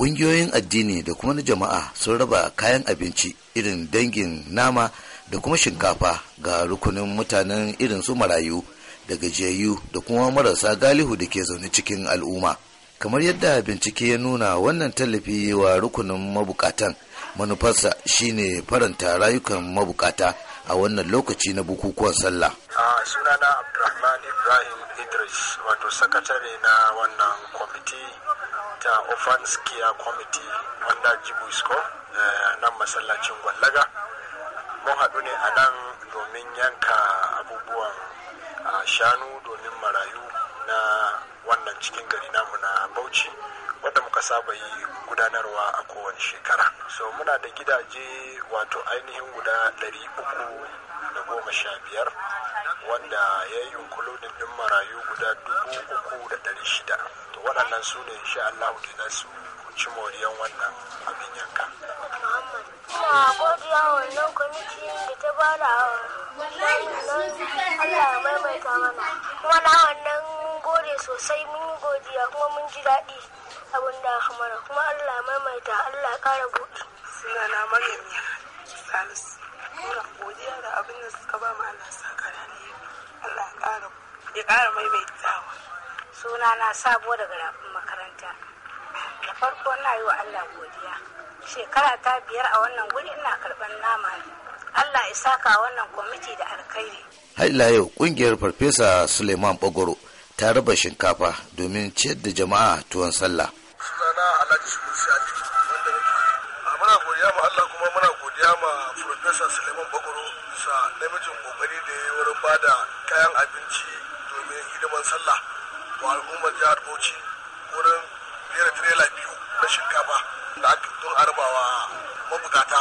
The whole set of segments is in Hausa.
ƙungiyoyin addini da kuma na jama'a sun raba kayan abinci irin dangin nama da kuma shinkafa ga rukunin mutanen irin su marayu da gajiyayyu da kuma marasa galihu da ke zaune cikin al'umma kamar yadda bincike ya nuna wannan tallafi wa rukunin mabukatan manufarsa shine faranta rayukan mabukata a wannan lokaci na bukukuwan sallah sunana abdulrahman ibrahim idris wato sakatare na wannan kwamiti ta offense Care Committee wanda Jibu Isko, eh, nan masallacin Gwallaga. Mun haɗu ne a nan domin yanka abubuwan shanu domin marayu na wannan cikin gari namu na Bauchi wadda muka saba yi gudanarwa a kowane shekara. So muna da gidaje wato ainihin guda ɗari uku da goma sha biyar. wanda ya yi yunkuludin din marayu guda dubu uku da ɗari shida to waɗannan su ne insha Allah da za su ci moriyan wannan abin yanka. Ina godiya wannan kwamitin da ta bada Allah ya maimaita mana. Kuma na wannan gode sosai mun yi godiya kuma mun ji daɗi abin da mana kuma Allah ya maimaita Allah ya ƙara buɗi. Suna na Maryam ya Salisu. Muna godiya da abin da suka ba mu Allah sakara. Allah ya ƙara maimaitawa suna na sabo daga rafin makaranta da farko na yi wa Allah godiya shekara ta biyar a wannan guri ina karɓar nama ne. Allah ya saka wannan kwamiti da alkhairi Haila yau kungiyar farfesa Suleiman Bagoro ta raba shinkafa domin ciyar da jama'a tuwon sallah sunana Alhaji Sulusi Ali wanda muna godiya ma Allah kuma muna godiya ma Farfesa Suleiman Bagoro sa namijin kokari da ya wurin bada kayan abinci domin hidimar sallah wa al'ummar jihar bauchi wurin rera tirela biyu na shinkafa da ake tun arabawa mabukata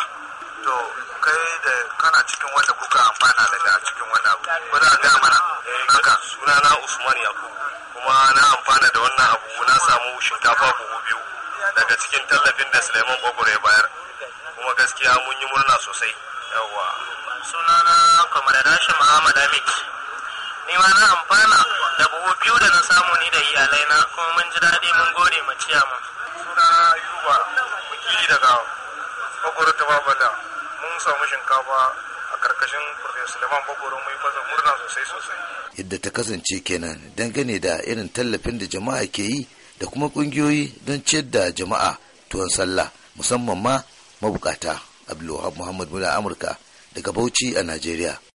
to kai da kana cikin wanda kuka amfana daga cikin wanda abu ba za a ga mana eh, haka suna na usman yaku kuma na amfana da wannan abu na samu shinkafa buhu biyu daga cikin tallafin da suleiman ya bayar kuma gaskiya mun yi murna sosai yawwa sunana kamar rashim ahmad amit ni ma na amfana da buhu biyu da na samu ni da iyalai na kuma mun ji daɗi mun gode ma mu Suna Yuba wakili daga Bagoro ta Babala mun samu shinkafa a karkashin Profesor Leman Bagoro mu yi fasa murna sosai sosai. Yadda ta kasance kenan dangane da irin tallafin da jama'a ke yi da kuma ƙungiyoyi don ciyar da jama'a tuwon sallah musamman ma mabukata. Abdulwahab Muhammad Mula Amurka daga Bauchi a Najeriya.